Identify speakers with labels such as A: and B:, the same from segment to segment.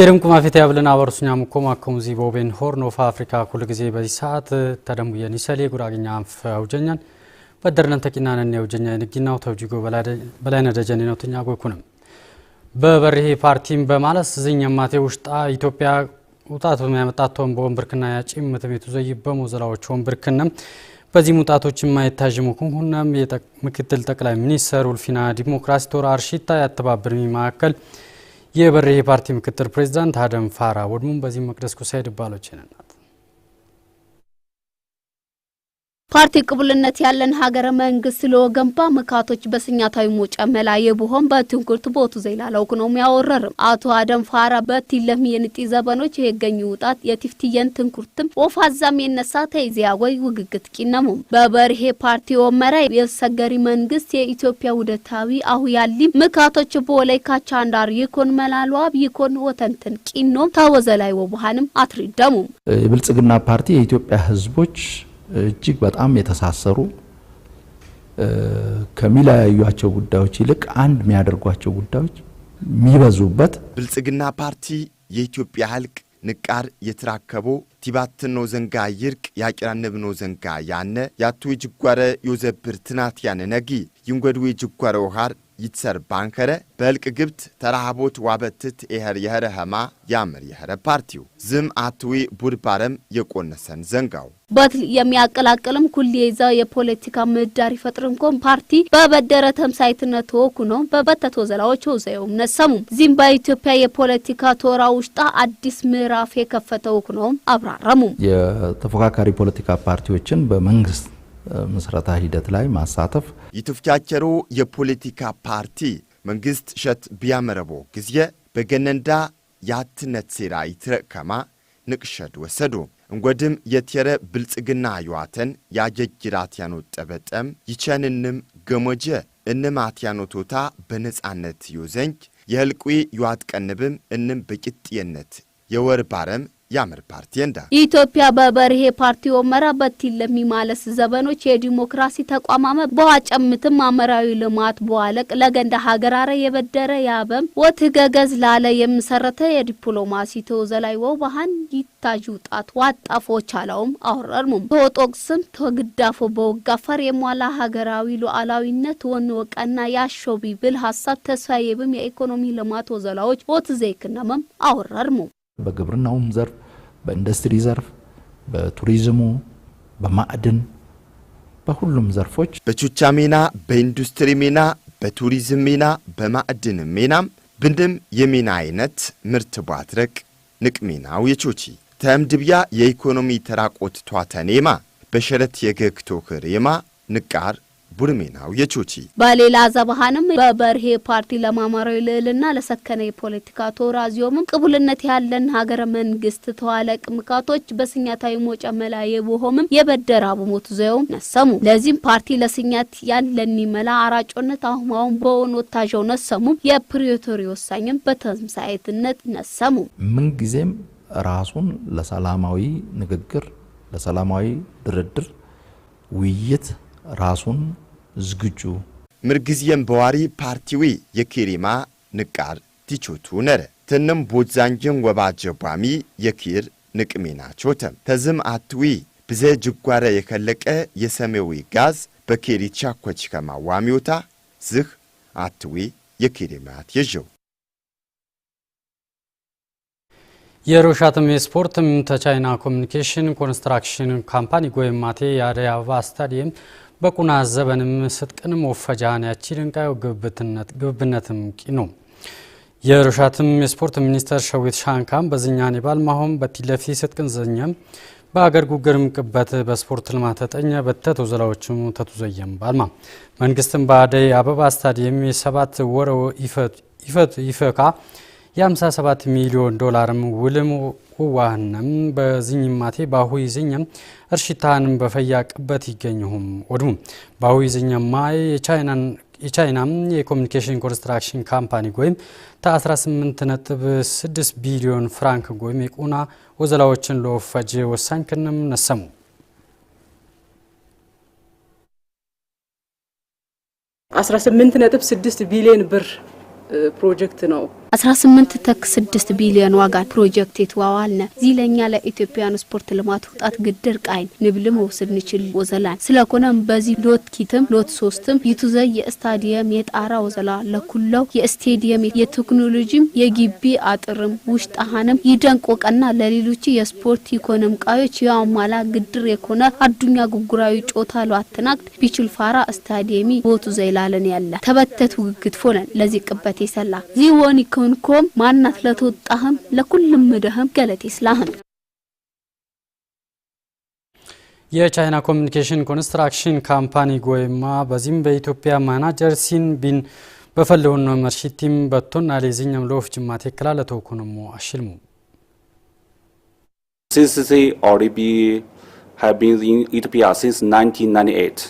A: የድም ኩማፊት ያብልን አበርሱኛ ሙኮም አከሙ ዚ ቦቤን ሆርን ኦፍ አፍሪካ ኩል ጊዜ በዚህ ሰዓት ተደሙ የኒሰሌ ጉራግኛ አንፍ አውጀኛን በደርነን ተቂናነን የውጀኛ የንግናው ተውጂጎ በላይነ ደጀኔ ነው ትኛ ጎኩንም በበርሄ ፓርቲም በማለስ ዝኝ የማቴ ውሽጣ ኢትዮጵያ ውጣት ያመጣተውን በወንብርክና ያጪም ምትቤቱ ዘይ በሞዘላዎች ወንብርክንም በዚህ ሙጣቶች የማይታዥ ሙኩም ሁናም ምክትል ጠቅላይ ሚኒስተር ውልፊና ዲሞክራሲ ቶር አርሺታ ያተባብር መካከል የበርሄ ፓርቲ ምክትል ፕሬዚዳንት አደም ፋራ ወድሙን በዚህ መቅደስ ኩሳይድ ባሎች ይነናል።
B: ፓርቲ ቅቡልነት ያለን ሀገረ መንግስት ለወገንባ ምካቶች በስኛታዊ ሞጨ መላየ ብሆን በትንኩርት ቦቱ ዘይላለው ነው ያወረርም አቶ አደም ፋራ በቲለም የንጢ ዘበኖች የገኙ ውጣት የቲፍትየን ትንኩርትም ወፋዛም የነሳ ተይዚያ ወይ ውግግት ቂነሙ በበርሄ ፓርቲ ወመራ የሰገሪ መንግስት የኢትዮጵያ ውደታዊ አሁ ያሊ ምካቶች በወላይ ካቻ ካቻንዳር ይኮን መላሏብ ይኮን ወተንትን ቂኖም ታወዘላይ ወቡሃንም አትሪደሙም
C: የብልጽግና ፓርቲ የኢትዮጵያ ህዝቦች እጅግ በጣም የተሳሰሩ ከሚለያዩቸው ጉዳዮች ይልቅ አንድ የሚያደርጓቸው ጉዳዮች የሚበዙበት
D: ብልጽግና ፓርቲ የኢትዮጵያ ህልቅ ንቃር የትራከቦ ቲባትን ቲባትኖ ዘንጋ ይርቅ ያቂራነብኖ ዘንጋ ያነ ያቱ የጅጓረ ዮዘብር ትናትያን ነጊ ይንጎድዌ ጅጓረ ውሃር ይትሰር ባንከረ በልቅ ግብት ተራሃቦት ዋበትት ኤኸር የኸረ ኸማ ያምር የኸረ ፓርቲው ዝም አትዊ ቡድባረም የቆነሰን ዘንጋው
B: በትል የሚያቀላቅልም ኩሌ ኩልየዛ የፖለቲካ ምህዳር ይፈጥር እንኮን ፓርቲ በበደረ ተምሳይትነት ተወኩኖ በበተቶ ዘላዎች ዘየውም ነሰሙም ዚም በኢትዮጵያ የፖለቲካ ቶራ ውሽጣ አዲስ ምዕራፍ የከፈተው ኩኖም አብራረሙም
C: የተፎካካሪ ፖለቲካ ፓርቲዎችን በመንግስት ምስረታ ሂደት ላይ ማሳተፍ
D: ይትፍቻቸሩ የፖለቲካ ፓርቲ መንግስት ሸት ቢያመረቦ ጊዜ በገነንዳ ያትነት ሴራ ይትረከማ ንቅሸድ ወሰዱ እንጎድም የቴረ ብልጽግና የዋተን ያጀጅራት ያኖጠበጠም ይቸንንም ገሞጀ እንማት ያኖቶታ በነጻነት ዮዘንጅ የህልቁ የዋት ቀንብም እንም በቂጥየነት የወር ባረም የአምር ፓርቲ እንዳ
B: ኢትዮጵያ በበርሄ ፓርቲ ወመራ በቲለሚ ለሚማለስ ዘበኖች የዲሞክራሲ ተቋማመ በዋጨምትም አመራዊ ልማት በዋለቅ ለገንዳ ሀገራረ የበደረ ያበም ወትገገዝ ላለ የምሰረተ የዲፕሎማሲ ተወዘላይ ወው ባህን ይታዥ ውጣት ዋጣፎች አላውም አውረርሙም ተወጦቅስም ተግዳፎ በወጋፈር የሟላ ሀገራዊ ሉዓላዊነት ወን ወቀና ያሾቢ ብል ሀሳብ ተስፋዬ ብም የኢኮኖሚ ልማት ወዘላዎች ወት ዘይክነመም አወረርሙም
C: በግብርናውም ዘርፍ በኢንዱስትሪ ዘርፍ፣ በቱሪዝሙ፣ በማዕድን፣ በሁሉም ዘርፎች
D: በቹቻ ሚና፣ በኢንዱስትሪ ሚና፣ በቱሪዝም ሚና፣ በማዕድን ሚናም ብንድም የሚና አይነት ምርት ቧትረቅ ንቅ ሚናው የቾቺ ተምድብያ የኢኮኖሚ ተራቆት ቷተኔማ በሸረት የገግቶ ክሬማ ንቃር ቡድሜናው የቾቺ
B: በሌላ ዘባሃንም በበርሄ ፓርቲ ለማማራዊ ልዕልና ለሰከነ የፖለቲካ ቶራዚዮምም ቅቡልነት ያለን ሀገረ መንግስት ተዋለቅ ምካቶች በስኛታዊ ሞጨ መላ የቦሆምም የበደር አቡሞት ዘየውም ነሰሙ ለዚህም ፓርቲ ለስኛት ያለኒ መላ አራጮነት አሁማውን በሆን ወታዣው ነሰሙ የፕሪቶሪ ወሳኝም በተምሳኤትነት ነሰሙ
C: ምንጊዜም ራሱን ለሰላማዊ ንግግር ለሰላማዊ ድርድር ውይይት ራሱን ዝግጁ
D: ምርግዚየም በዋሪ ፓርቲዊ የኪሪማ ንቃር ቲቾቱ ነረ ትንም ቦዛንጅን ወባ ጀቧሚ የኪር ንቅሜና ቾተም ተዝም አትዊ ብዘ ጅጓረ የከለቀ የሰሜዊ ጋዝ በኬሪ ቻኮች ከማዋሚዮታ ዝህ አትዊ የኬሪማት የዥው
A: የሮሻትም የስፖርትም ተቻይና ኮሚኒኬሽን ኮንስትራክሽን ካምፓኒ ጎይማቴ የአዲስ አበባ ስታዲየም በቁና ዘበንም ስጥቅንም ወፈጃን ያቺ ድንቃዩ ግብብነትም ቂ ነው። የሩሻትም የስፖርት ሚኒስተር ሸዊት ሻንካም በዝኛን የባልማሆም በቲለፊ ስጥቅን ዘኘም በአገር ጉግርም ቅበት በስፖርት ልማት ተጠኘ በተቶ ዘላዎችም ተቱዘየም ባልማ መንግስትም በአደይ አበባ ስታዲየም የሰባት ወረው ይፈካ የ57 ሚሊዮን ዶላርም ውልም ወዋህነም በዝኝም ማቴ ባሁይ ዝኛም እርሽታንም በፈያቅበት ይገኝሁም ወድሙ ባሁይ ማይ የቻይናን የቻይና የኮሚኒኬሽን ኮንስትራክሽን ካምፓኒ ጎይም ተ18.6 ቢሊዮን ፍራንክ ጎይም የቁና ወዘላዎችን ለወፈጅ ወሳኝ ክንም ነሰሙ
E: አስራ ስምንት ነጥብ ስድስት ቢሊዮን ብር ፕሮጀክት ነው
B: 18 6 ቢሊዮን ዋጋ ፕሮጀክት የተዋዋልነ እዚህ ለእኛ ለኢትዮጵያን ስፖርት ልማት ውጣት ግድር ቃይን ንብልም ውስድ ንችል ወዘላን ስለኮነም በዚህ ሎት ኪትም ሎት ሶስትም ይቱዘይ የስታዲየም የጣራ ወዘላ ለኩለው የስቴዲየም የቴክኖሎጂም የጊቢ አጥርም ውሽጣሃንም ይደንቆቀና ለሌሎች የስፖርት ኢኮኖም ቃዮች የአማላ ግድር የኮነ አዱኛ ጉጉራዊ ጮታ ሏትናቅድ ቢችል ፋራ ስታዲየሚ ቦቱ ዘይላለን ያለ ተበተት ውግግት ፎነን ለዚህ ቅበት ይሰላ ዚህ ወኒ ለትኮንኮም ማናት ለተወጣህም ለኩልም ምድህም ገለቴ ስላህም
A: የቻይና ኮሚኒኬሽን ኮንስትራክሽን ካምፓኒ ጎይማ በዚህም በኢትዮጵያ ማናጀር ሲን ቢን በፈለውን ነው መርሺቲም በቶና አሌዚኛም ለወፍ ጅማቴ ክላለ ተወኩንሞ አሽልሙ
F: ሲሲሲ ኦሪቢ ሃቭ ቢን ኢትዮጵያ ሲንስ 1998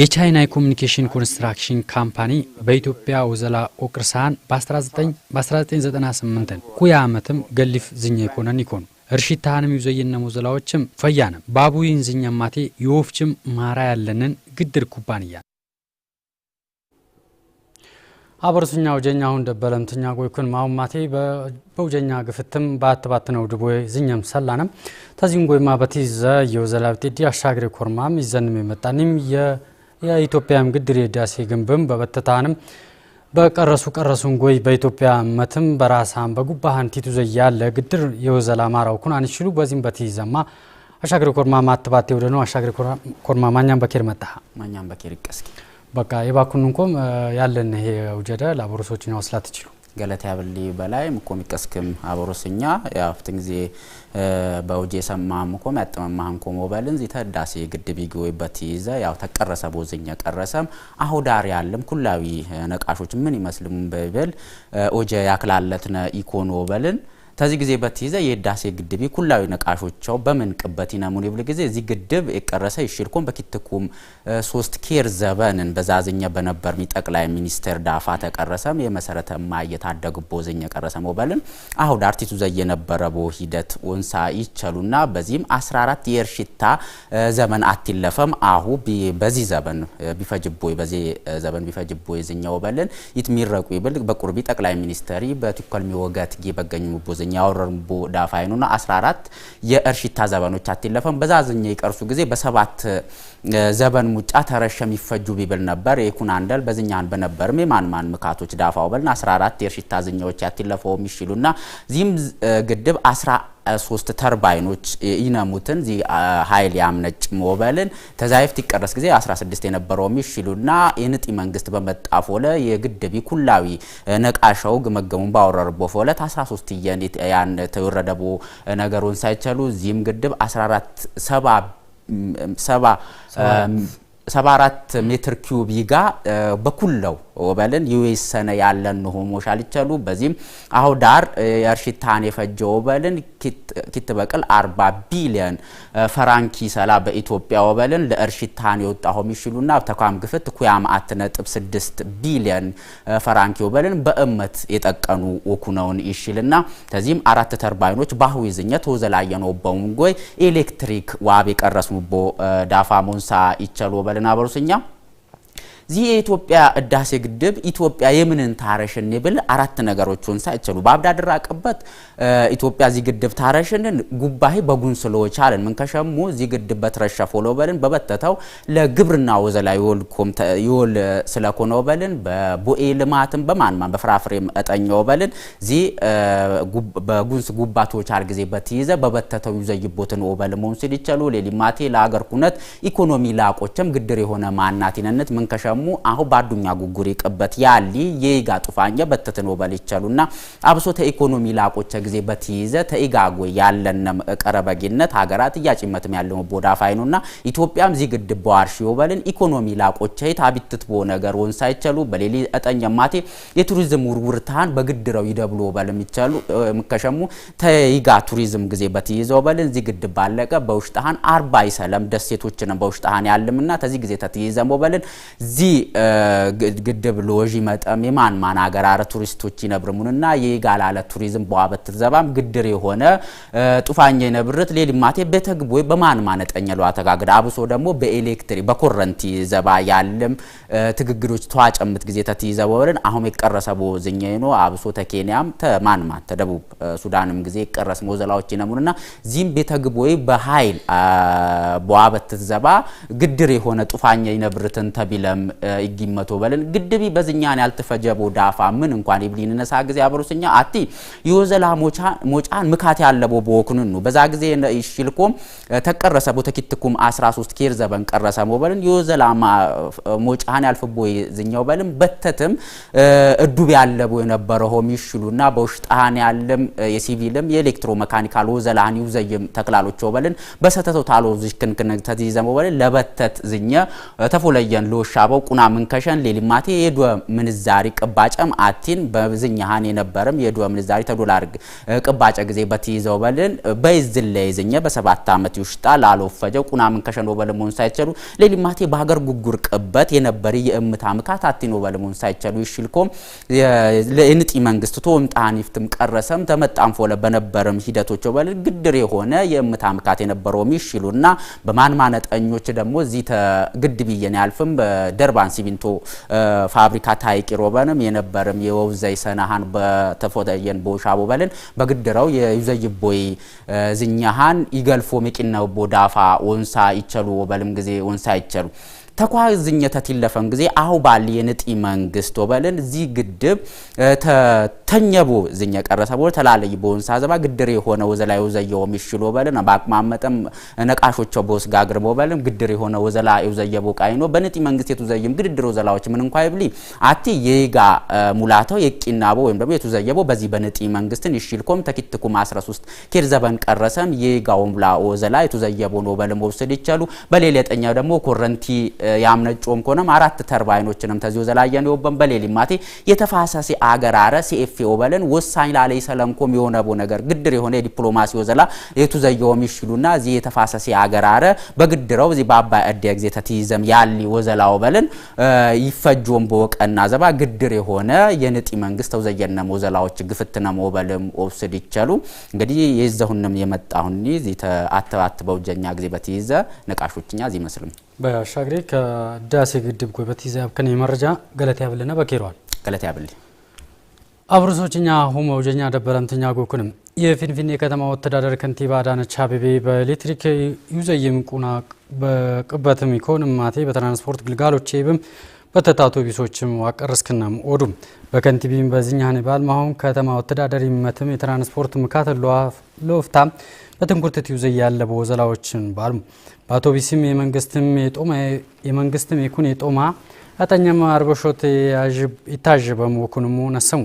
A: የቻይና የኮሚኒኬሽን ኮንስትራክሽን ካምፓኒ በኢትዮጵያ ወዘላ ኦቅርሳን በ1998 ኩያ ዓመትም ገሊፍ ዝኛ ይኮነን ይኮኑ እርሽታንም ዩዘየነ ወዘላዎችም ፈያነም ባቡይን ዝኛ ማቴ የወፍችም ማራ ያለንን ግድር ኩባንያ አበርሱኛው ጀኛውን ደበለምትኛ ጎይኩን ማውማቴ በውጀኛ ግፍትም በአትባት ነው ድቦ ዝኛም ሰላነም ተዚሁን ጎይማ በቲዘ የወዘላብጤ ዲ አሻግሬ ኮርማም ይዘንም የመጣንም የኢትዮጵያም ግድር የዳሴ ግንብም በበተታንም በቀረሱ ቀረሱን ጎይ በኢትዮጵያ መትም በራሳም በጉባሃን ቲቱ ዘያለ ግድር የወዘላ ማራው ኩን አንችሉ በዚህም በቲዘማ አሻግሬ ኮርማ ማትባቴ ወደ ነው አሻግሬ ኮርማ ማኛም በኬር መጣ ማኛም በኬር ይቀስኪ በቃ የባኩን እንኮም ያለን ይሄ ውጀደ ነው ወስላት ይችሉ
G: ገለት ያብሊ በላይ ምኮም ይቀስክም አቦሮስኛ ያፍትን ጊዜ በውጄ ሰማ ምኮም ያጥመማህን ኮሞ በልን ዚተ ዳሴ ግድብ ይገወይበት ይዘ ያው ተቀረሰ ቦዝኛ ቀረሰም አሁ ዳር ያለም ኩላዊ ነቃሾች ምን ይመስልም በብል ኦጀ ያክላለትነ ኢኮኖ በልን ተዚ ግዜ በቲ ይዘ የህዳሴ ግድብ ኩላዊ ነቃሾቸው በምንቅበት ይነሙን ይብል ጊዜ እዚ ግድብ የቀረሰ ይሽልኮን በኪትኩም ሶስት ኬር ዘበንን በዛዝኛ በነበር ጠቅላይ ሚኒስትር ዳፋ ተቀረሰም የመሰረተ ማየት አደግቦ ዘኛ ቀረሰ ሞባልን አሁን ዳርቲቱ ዘየ ነበረ ቦ ሂደት ወንሳ ይቸሉና በዚህም 14 የርሽታ ዘመን አትለፈም አሁ በዚህ ዘበን ቢፈጅቦይ በዚህ ዘበን ቢፈጅቦይ ዘኛ ወበልን ይትሚረቁ ይብል በቁርቢ ጠቅላይ ሚኒስትሪ በትኮልሚ ወገት ጊ በገኙ ቦዘ ዘኛ ያወረርምቦ ዳፋይኑና 14 የእርሽታ ዘበኖች አትለፈም በዛ ዘኛ ይቀርሱ ጊዜ በሰባት ዘበን ሙጫ ተረሸም ይፈጁ ቢብል ነበር የኩን አንደል በዝኛን በነበርም የማንማን ምካቶች ዳፋው በልና 14 የእርሽታ ዝኛዎች ያትለፈው የሚሽሉና ዚህም ግድብ ሶስት ተርባይኖች ይነሙትን ዚ ሀይል ያምነጭ ሞበልን ተዛይፍት ይቀረስ ጊዜ 16 የነበረው ሚሽሉና የንጢ መንግስት በመጣፎለ የግድቢ ኩላዊ ነቃሻው ግመገሙን ባወረርቦ ፎለት 13 የን ያን ተወረደቦ ነገሩን ሳይቸሉ ዚህም ግድብ 14 7 74 ሜትር ኪዩብ ይጋ በኩለው ወበልን ይዌሰነ ያለንሁ ሞሻል ይቸሉ በዚህም አሁ ዳር የርሽታን የፈጀ ኦበልን ኪት በቅል 40 ቢሊዮን ፈራንኪ ሰላ በኢትዮጵያ ወበልን ለእርሽታን ሆም ይሽሉና ተኳም ግፍት ኩያም አት ነጥብ 6 ቢሊዮን ፈራንኪ ኦበልን በእመት የጠቀኑ ወኩነውን ይሽልና ተዚህም አራት ተርባይኖች ባሁይ ዝኘት ወዘላየነው በሙንጎይ ኤሌክትሪክ ዋብ የቀረስሙቦ ዳፋ ሞንሳ ይቸሉ ኦበልን አበሩስኛ እዚህ የኢትዮጵያ ህዳሴ ግድብ ኢትዮጵያ የምንን ታረሽን ብል አራት ነገሮችን ሳይችሉ በአብዳድር አቅበት ኢትዮጵያ እዚህ ግድብ ታረሽንን ጉባኤ በጉን አለን ምን ከሸሙ እዚህ ግድብ በትረሻ ፎሎበልን በበተተው ለግብርና ወዘላ ይወል ስለኮኖ በልን በቦኤ ልማትን በማንማን በፍራፍሬ በፍራፍሬም እጠኛውበልን እዚህ በጉንስ ጉባቶች አል ጊዜ በትይዘ በበተተው ይዘይቦትን ኦበል መሆን ሲል ይቸሉ ሌሊማቴ ለአገር ኩነት ኢኮኖሚ ላቆችም ግድር የሆነ ማናት ይነነት ምን ከሸ ደግሞ አሁን ባዱኛ ጉጉር ቅበት ያሊ የይጋ ጡፋኛ በትትኖ በሊቸሉና አብሶ ተኢኮኖሚ ላቆቸ ጊዜ በትይዘ ተኢጋጎ ያለነም ቀረበጊነት ሀገራት እያጭመትም ያለው ቦዳፋይ ነውና ኢትዮጵያም ዚ ግድብ በዋርሽ በልን ኢኮኖሚ ላቆቸ ታቢትት ቦ ነገር ወንሳይቸሉ በሌሊ እጠኛ ማቴ የቱሪዝም ውርውርታን በግድረው ይደብሎ በልም ይቻሉ ምከሸሙ ተይጋ ቱሪዝም ጊዜ በትይዘው ወበልን ዚ ግድብ ባለቀ በውሽጣሃን አርባ ይሰለም ደሴቶችንም በውሽጣሃን ያልምና ተዚህ ጊዜ ተትይዘም በልን ዚ ግድብ ሎጂ መጠም የማን ማን አገራረ ቱሪስቶች ይነብርሙንና የጋላለ ቱሪዝም በዋበትር ዘባም ግድር የሆነ ጡፋኛ ይነብርት ሌሊማቴ በተግቦ በማን ማነጠኛ ለው አተጋግድ አብሶ ደግሞ በኤሌክትሪክ በኮረንቲ ዘባ ያለም ትግግዶች ተዋጨምት ጊዜ ተትይዘበልን አሁን የቀረሰቦ ዝኛይ ነው አብሶ ተኬንያም ተማንማን ተደቡብ ሱዳንም ጊዜ የቀረስ መወዘላዎች ይነሙንና ዚህም ቤተግቦ በሀይል በዋበትት ዘባ ግድር የሆነ ጡፋኛ ይነብርትን ተቢለም ይጊመቶ በልን ግድቢ በዝኛን ያልተፈጀቦ ዳፋ ምን እንኳን ይብሊን ነሳ ጊዜ አብሩስኛ አቲ ይወዘላ ሞቻ ሞጫን ምካት ያለቦ ቦክኑን ነው በዛ ጊዜ ይሽልኮም ተቀረሰቦ ተኪትኩም 13 ኬር ዘበን ቀረሰቦ በልን ይወዘላ ሞጫን ያልፈቦ ዝኛው በልን በተትም እዱብ ያለቦ የነበረ ሆም ይሽሉና በውሽጣን ያለም የሲቪልም የኤሌክትሮ መካኒካል ወዘላን ይውዘይም ተክላሎቾ በልን በሰተቶ ታሎ ዝክንክን ተዚህ ዘመበልን ለበተት ዝኛ ተፎለየን ሎሻበው ቁና ምንከሸን ሌሊማቴ የዱወ ምንዛሪ ቅባጨም አቲን በብዝኛ ሃን የነበረም የዱወ ምንዛሪ ተዶላር ቅባጨ ጊዜ በትይዘው በልን በይዝል ለይዝኛ በሰባት ዓመት ይውሽጣ ላሎፈጀ ቁና ምንከሸን ወበል መሆን ሳይቸሉ ሌሊማቴ በሀገር ጉጉር ቅበት የነበር የእምታ ምካት አቲን ወበል መሆን ሳይቸሉ ይሽልኮም ለእንጢ መንግስት ቶም ጣኒፍትም ቀረሰም ተመጣም ፎለ በነበረም ሂደቶች ወበል ግድር የሆነ የእምታ ምካት የነበረውም ይሽሉና በማንማነጠኞች ደግሞ እዚህ ተግድ ብየን ያልፍም ደር የኤርባን ሲሚንቶ ፋብሪካ ታይቂ ሮበንም የነበርም የወብዘይ ሰናሃን በተፎተየን ቦሻ ቦበልን በግድረው የዩዘይ ቦይ ዝኛሃን ይገልፎ መቂናው ቦዳፋ ወንሳ ይቸሉ ወበልም ጊዜ ወንሳ ይቸሉ ተኳዝኘ ተቲለፈን ጊዜ አሁ ባል የንጢ መንግስት ወበልን ዚ ግድብ ተኛቦ ዝኛ ቀረሰ ቦ ተላለይ ቦንሳ ሳዘባ ግድር የሆነ ወዘላ የውዘየው ወሚሽሎ ወበልን ባቅማመጠም ነቃሾቾ ቦስ ጋግር ወበልን ግድር የሆነ ወዘላ የውዘየ ቃይኖ በንጢ መንግስት የቱዘይም ግድድር ወዘላዎች ምን እንኳ ይብሊ አቲ የጋ ሙላተው የቂናቦ ወይም ደግሞ የቱዘየቦ በዚህ በንጢ መንግስትን ይሽልኮም ተኪትኩም 13 ኬር ዘበን ቀረሰም የጋውም ላ ወዘላ የቱዘየቦ ነው በልም ወብስድ ይቻሉ በሌላ የጠኛው ደግሞ ኮረንቲ ያምነጮም ኮነም አራት ተርባይኖችንም ተዚሁ ዘላየን ይወበን በሌሊ ማቴ የተፋሰሲ አገር አረ ሲኤፍኦ በለን ወሳኝ ላለይ ሰለምኮም የሆነ ቦ ነገር ግድር የሆነ ዲፕሎማሲ ወዘላ የቱ ዘየውም ይሽሉና እዚ የተፋሰሲ አገር አረ በግድረው እዚ ባባይ እደ ግዜ ተትይዘም ያሊ ወዘላው በለን ይፈጆም በወቀና ዘባ ግድር የሆነ የንጢ መንግስት ተውዘየነ ወዘላዎች ግፍትነ ሞበልም ኦብስድ ይቸሉ እንግዲህ የዘሁንም የመጣሁኒ ዚ ተአተባትበው ጀኛ ግዜ በትይዘ ነቃሾችኛ ዚ መስልም
A: በሻግሬ ከዳሴ ግድብ ጎበት ይዛብከን የመረጃ ገለት ያብልና በኬሯል ገለት ያብል አብርሶችኛ ሁሞ ውጀኛ ደበረምትኛ ጎኩንም የፊንፊኔ የከተማ ወተዳደር ከንቲባ አዳነች አቤቤ በኤሌክትሪክ ዩዘየም ቁና በቅበትም ኢኮንም ማቴ በትራንስፖርት ግልጋሎቼ ብም በተታቶ ቢሶችም ዋቀር እስክናም ኦዱም በከንቲቢም በዝኛህን ባል ማሁን ከተማ ወተዳደሪ መትም የትራንስፖርት ምካት ለወፍታ በትንኩርት ትዩዘ ያለ በወዘላዎችን ባል በአውቶቢስም የመንግስትም የኩን የጦማ አጠኛም አርበሾት ይታዥ በመወኩንሙ ነሰሙ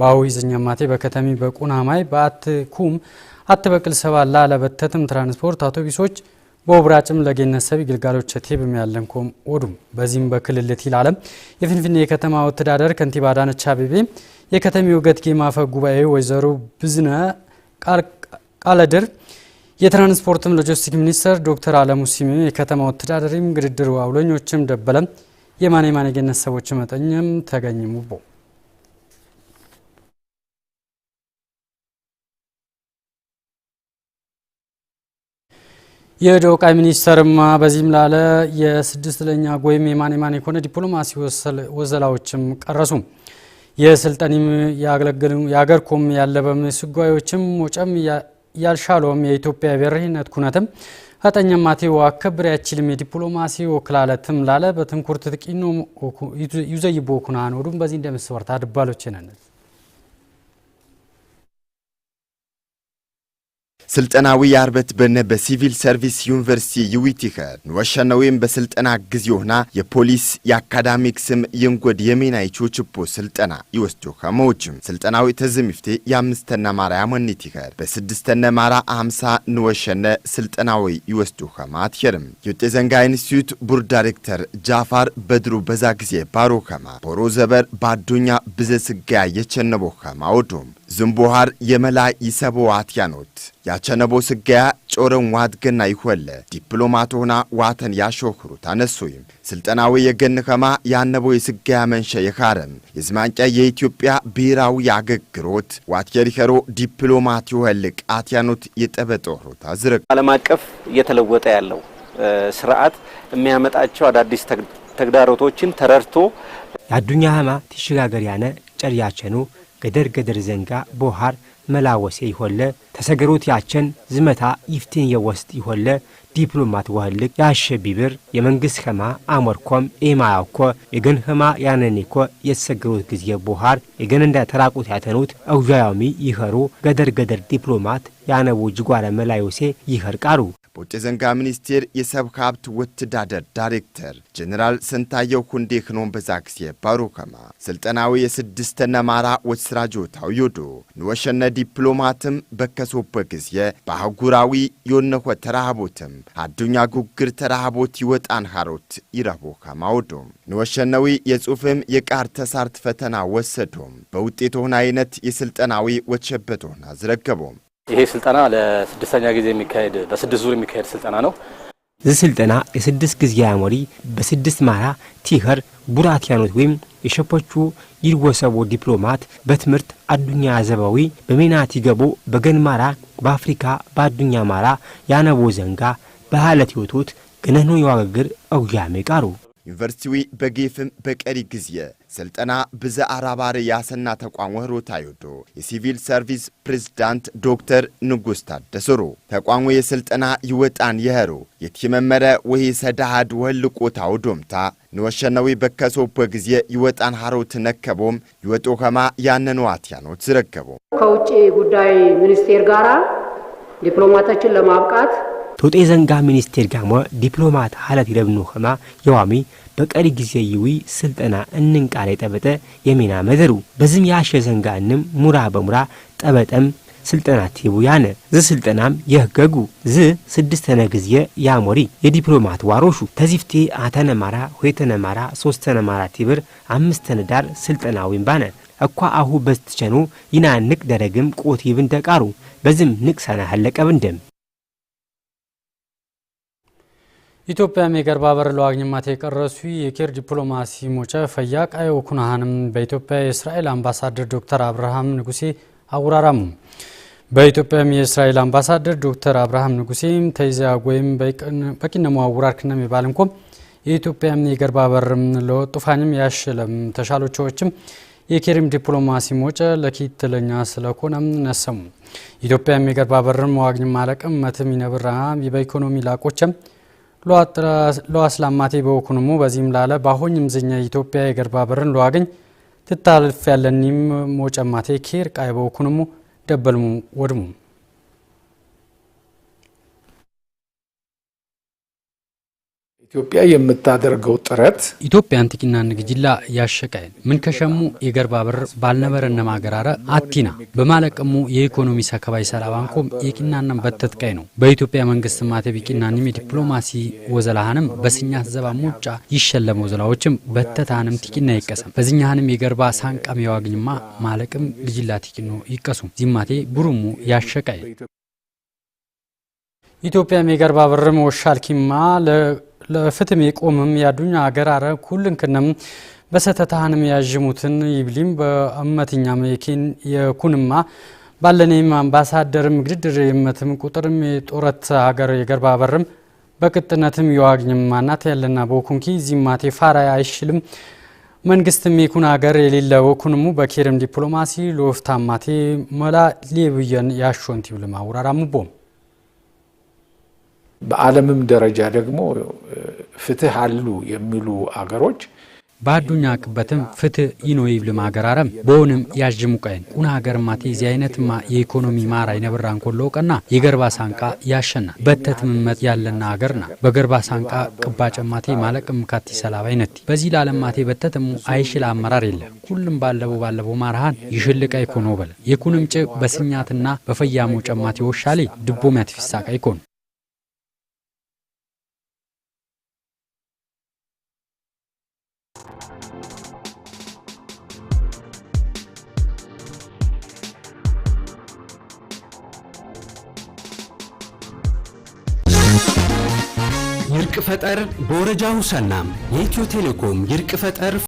A: በአዊ ማቴ በከተሚ በቁናማይ በአት በአትኩም አትበቅል ሰባ ላለበተትም ትራንስፖርት አውቶቢሶች ለጌነት ሰብ ግልጋሎች ቴብም ያለንኮም ወዱም በዚህም በክልል ቲል አለም የፍንፍኔ የከተማ አስተዳደር ከንቲባ አዳነች አቤቤ የከተሜው ገትጌ ማፈ ጉባኤ ወይዘሮ ብዝነ ቃለድር የትራንስፖርትም ሎጂስቲክ ሚኒስተር ዶክተር አለሙ ሲሚ የከተማ አስተዳደሪም ግድድር አውለኞችም ደበለም የማኔ ማኔ ሰቦች መጠኝም ተገኝሙቦ የውጭ ሚኒስተርማ በዚህም ላለ የስድስተኛ ጎይም የማን የማን የሆነ ዲፕሎማሲ ወዘላዎችም ቀረሱ የስልጠኒም ያገለግሉ ያገርኩም ያለበም ስጓዮችም ወጨም ያልሻሎም የኢትዮጵያ ብሔርነት ኩነትም አጠኛማቴ ወአከብር ያችልም የዲፕሎማሲ ወክላለትም ላለ በትንኩርት ጥቂኖ ዩዘይቦ ኩናን ወዱም በዚህ እንደምስወርታ ድባሎች ነን
H: ስልጠናዊ ያርበት በነ በሲቪል ሰርቪስ ዩኒቨርሲቲ ይዊቲኸር ንወሸነዊም በስልጠና ጊዜውና የፖሊስ የአካዳሚክስም የንጎድ የሜናይቾ ችቦ ስልጠና ይወስዶ ከመዎችም ስልጠናዊ ተዝሚፍቴ የአምስተነ ማራ ያመኒት ያመኒቲኸር በስድስተነ ማራ አምሳ ንወሸነ ስልጠናዊ ይወስዶ ከማት ሄርም የውጤ ዘንጋ ኢንስቲትዩት ቡር ዳይሬክተር ጃፋር በድሩ በዛ ጊዜ ባሮ ከማ ቦሮ ዘበር ባዶኛ ብዘ ስጋያ የቸነቦ ከማ ወዶም ዝምቡሃር የመላ ይሰቦ አትያኖት ያቸነቦ ስጋያ ጮረን ዋድገና ይኮለ ዲፕሎማት ሆና ዋተን ያሾክሩት አነሱይም ስልጠናዊ የገን ኸማ ያነቦ የስጋያ መንሸ የኻረም የዝማንጫ የኢትዮጵያ ብሔራዊ አገግሮት ዋትየሪኸሮ ዲፕሎማት ይወልቅ አትያኖት የጠበጦሩት አዝረግ
I: ዓለም አቀፍ እየተለወጠ ያለው ስርዓት የሚያመጣቸው አዳዲስ ተግዳሮቶችን ተረድቶ
A: የአዱኛ ኸማ ትሽጋገር ያነ ጨርያቸኑ ገደር ገደር ዘንጋ ቦሃር መላወሴ ይሆለ ተሰገሮት ያቸን ዝመታ ይፍትን የወስት ይሆለ ዲፕሎማት ወህልቅ ያሸ ቢብር የመንግሥት ኸማ አሞርኮም ኤማ ያውኮ የገን ኸማ ያነኔኮ የተሰገሮት ጊዜ ቦሃር የገን እንደ ተራቁት ያተኑት አውዣያሚ ይኸሩ ገደር ገደር ዲፕሎማት ያነቦ ጅጓረ መላዮሴ ይኸር ቃሩ
H: በውጭ ዘንጋ ሚኒስቴር የሰብካ ሀብት ውትዳደር ዳይሬክተር ጀኔራል ስንታየው ሁንዴ ክኖን በዛ ጊዜ ባሮ ከማ ስልጠናዊ የስድስተ ነማራ ወች ስራ ጆታው ዮዶ ንወሸነ ዲፕሎማትም በከሶበት ጊዜ በአህጉራዊ የነኮ ተራሃቦትም አዱኛ ጉግር ተራሃቦት ይወጣን ሃሮት ይረቦ ከማ ወዶም ንወሸነዊ የጽሑፍም የቃር ተሳርት ፈተና ወሰዶም በውጤት ሆን አይነት የስልጠናዊ ወቸበት ሆና ዝረገቦም
J: ይሄ ስልጠና ለስድስተኛ ጊዜ የሚካሄድ በስድስት ዙር የሚካሄድ ስልጠና ነው።
A: እዚህ ስልጠና የስድስት ጊዜ አሞሪ በስድስት ማራ ቲኸር ቡራቲያኖት ወይም የሸፖቹ ይድወሰቦ ዲፕሎማት በትምህርት አዱኛ ዘባዊ በሜናቲ ገቦ ማራ በአፍሪካ በአዱኛ ማራ ያነቦ ዘንጋ በሀለት ህይወቶት ገነኖ የዋገግር አውያሜ ቃሩ
H: ዩኒቨርሲቲዊ በጌፍም በቀሪ ጊዜ ስልጠና ብዝኣራ ባሪ ያሰና ተቋም ወህሩ ታዩዶ የሲቪል ሰርቪስ ፕሬዝዳንት ዶክተር ንጉስ ታደስሩ ተቋሙ የስልጠና ይወጣን የኸሩ የትመመረ ወይ ሰዳሃድ ወልቆ ታውዶምታ ንወሸነዊ በከሶ ጊዜ ይወጣን ሀሮት ነከቦም ይወጦ ከማ ያነኑ ያኖት ዝረከቦ
K: ከውጭ ጉዳይ ሚኒስቴር ጋራ ዲፕሎማታችን ለማብቃት
A: ቶጤ ዘንጋ ሚኒስቴር ጋሞ ዲፕሎማት ሀለት ይረብኑ ኸማ የዋሚ በቀሪ ጊዜ ይዊ ስልጠና እንንቃለ ጠበጠ የሚና መደሩ በዝም ያሸ ዘንጋንም ሙራ በሙራ ጠበጠም ስልጠና ቲቡ ያነ ዝ ስልጠናም የህገጉ ዝ ስድስተነ ጊዜ ያሞሪ የዲፕሎማት ዋሮሹ ተዚፍቴ አተነማራ ሆይተነማራ ሶስተነማራ ቲብር አምስተነ ዳር ስልጠናዊም ባነ እኳ አሁ በስትቸኑ ይና ንቅ ደረግም ቆቲብን ደቃሩ በዝም ንቅ ሀለቀብ እንደም ኢትዮጵያ የገርባ በር ለዋግኝማት የቀረሱ የኬር ዲፕሎማሲ ሞጨ ፈያ ቃዮ ኩናሃንም በኢትዮጵያ የእስራኤል አምባሳደር ዶክተር አብርሃም ንጉሴ አውራራሙ በኢትዮጵያም የእስራኤል አምባሳደር ዶክተር አብርሃም ንጉሴም ተይዛ ወይም በቂነሞ አውራር ክነም የባልንኮ የኢትዮጵያም የገርባ በርም ለወጡፋንም ያሽለም ተሻሎቻዎችም የኬሪም ዲፕሎማሲ ሞጨ ለኪትለኛ ስለኮነም ነሰሙ ኢትዮጵያም የገርባ በርም ዋግኝ ማለቅም መትም ይነብራ በኢኮኖሚ ላቆቸም ለዋስ ላማቴ በኩንሙ በዚህም ላለ በአሁኝም ዝኛ የኢትዮጵያ የገርባ ብርን ለዋገኝ ትታልፍ ያለኒም ሞጨማቴ ኬር ቃይ በኩንሙ ደበልሙ ወድሙም
H: ኢትዮጵያ የምታደርገው ጥረት
A: ኢትዮጵያን ጥቂና ንግጅላ ያሸቀይን ምን ከሸሙ የገርባ ብር ባልነበረነ ማገራረ አቲና በማለቀሙ የኢኮኖሚ ሰከባይ ሰላባንኮም የቂናነም በተትቀይ ነው በኢትዮጵያ መንግስት ማተብ ቂናንም የዲፕሎማሲ ወዘላሃንም በስኛት ዘባ ሞጫ ይሸለመ ወዘላዎችም በተታንም ጥቂና ይቀሰም በዚኛህንም የገርባ ሳንቀም የዋግኝማ ማለቅም ግጅላ ጥቂኖ ይቀሱም ዚማቴ ቡሩሙ ያሸቀይን ኢትዮጵያም የገርባ ብርም ወሻልኪማ ለፍትም የቆምም ያዱኛ አገራረ ኩልን ክንም በሰተታህንም ያዥሙትን ይብሊም በእመትኛም የኪን የኩንማ ባለኔም አምባሳደርም ግድድር የመትም ቁጥርም የጦረት ሀገር የገርባበርም በቅጥነትም የዋግኝም ማናት ያለና በኩንኪ ዚማቴ ፋራ አይሽልም መንግስትም የኩን ሀገር የሌለ ወኩንሙ በኬርም ዲፕሎማሲ ሎፍታማቴ መላ ሌብየን ያሾንቲ ብልማ ውራራሙቦም
H: በዓለምም ደረጃ ደግሞ ፍትህ አሉ የሚሉ አገሮች
A: በአዱኛ ቅበትም ፍትህ ይኖይብል ማገራረም በሆንም ያጅሙ ቀን ቁና ሀገርማቴ ዚህ አይነትማ የኢኮኖሚ ማራ ይነብራን ኮሎ ቀና የገርባ ሳንቃ ያሸና በተት ምመት ያለና ና በገርባ ሳንቃ ቅባጭ ማቴ ማለቅ ምካት ይሰላብ አይነት በዚህ ለዓለም ማቴ በተትሙ አይሽል አመራር የለ ሁሉም ባለቦ ባለቦ ማርሃን ይሽልቀ ይኮኖ በለ የኩንም ጭ በስኛትና በፈያሞ ጨማቴ ወሻሌ ድቦም ያትፊሳቃ ይኮኑ ፈጠር በወረጃው ሰናም የኢትዮ ቴሌኮም ይርቅ ፈጠር